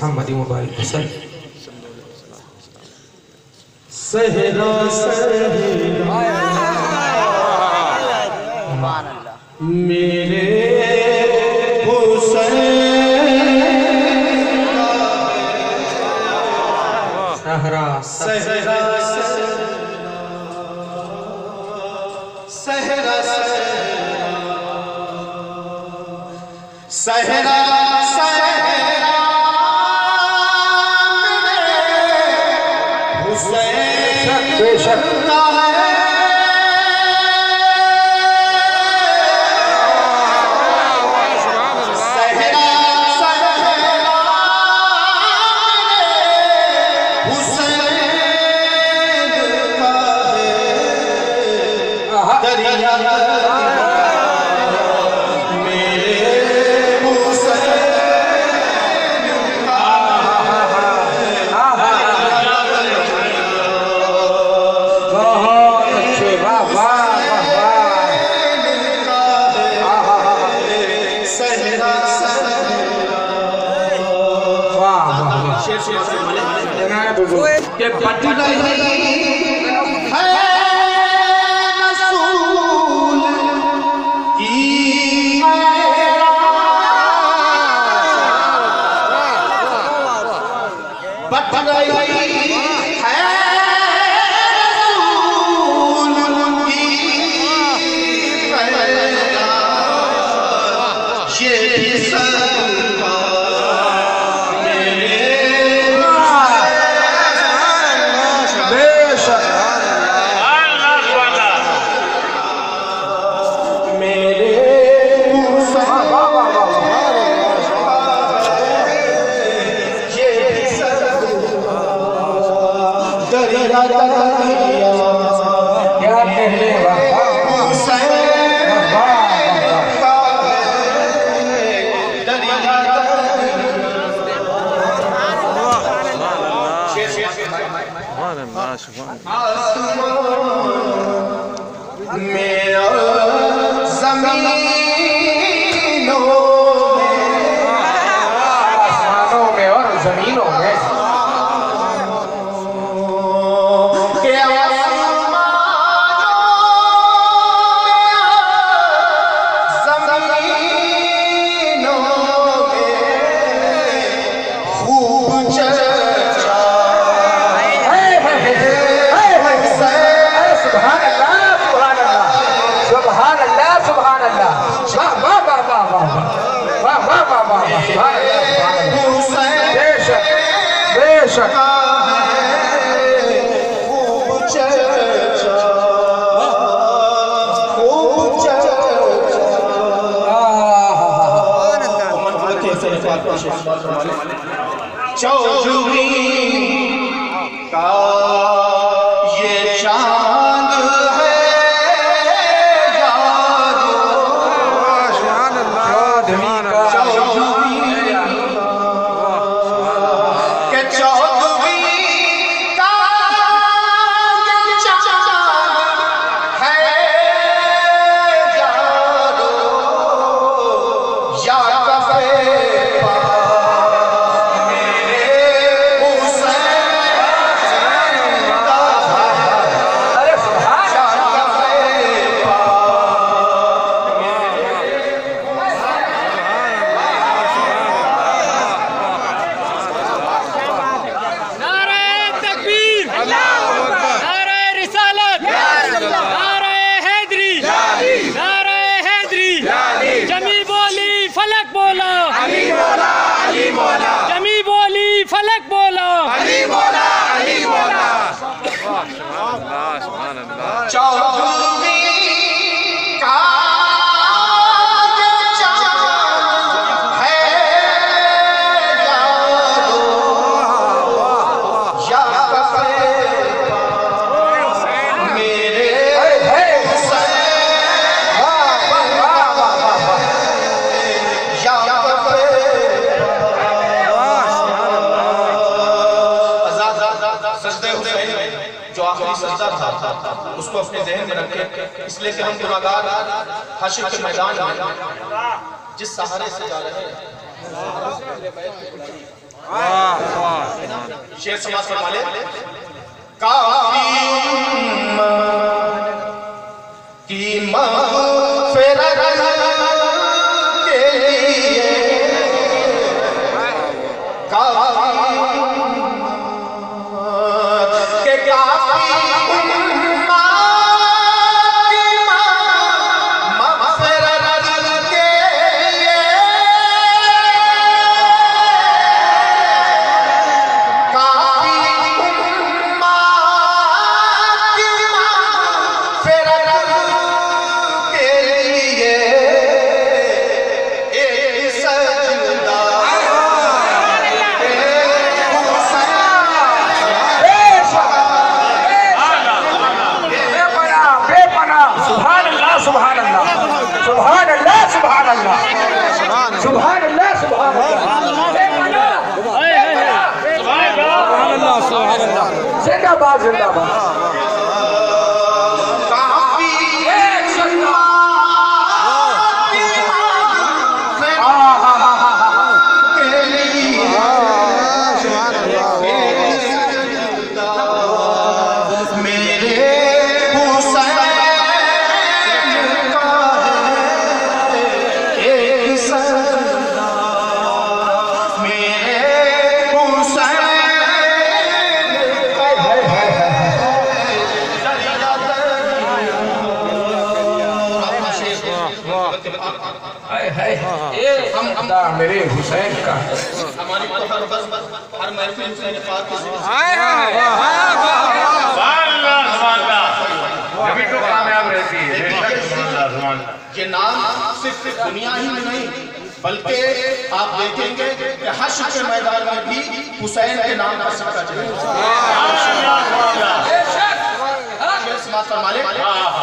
محمد مبارک حسن سہرا سہرا میرے ਤੇ ਪੱਟੀ ਨਹੀਂ ਨਹੀਂ زمینوں میں چ سجدے ہوئے ہیں جو آخری سجدہ تھا اس کو اپنے ذہن میں رکھے اس لئے کہ ہم گناہگار حشر کے میدان میں جس سہارے سے جا رہے ہیں شیر سماس فرمالے کافی سبحان سبحان اللہ اللہ سر سکتا بازار میرے حسین کا ہماری تو تو ہر ہر بس محفل آئے آئے کامیاب رہتی ہے یہ نام صرف دنیا ہی میں نہیں بلکہ آپ دیکھیں گے کہ ہر شخص میدان میں بھی حسین کے نام کا چلے ناشن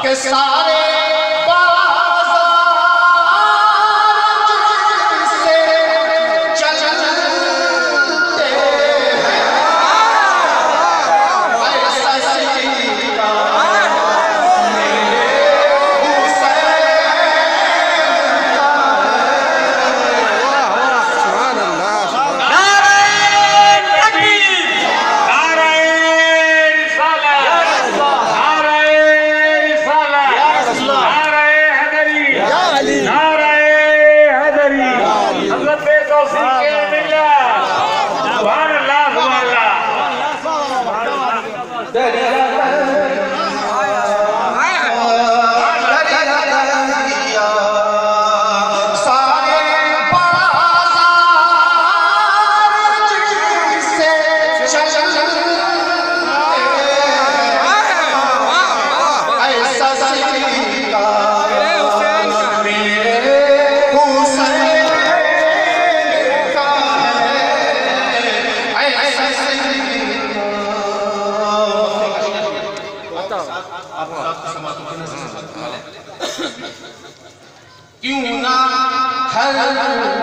کہ سارے हर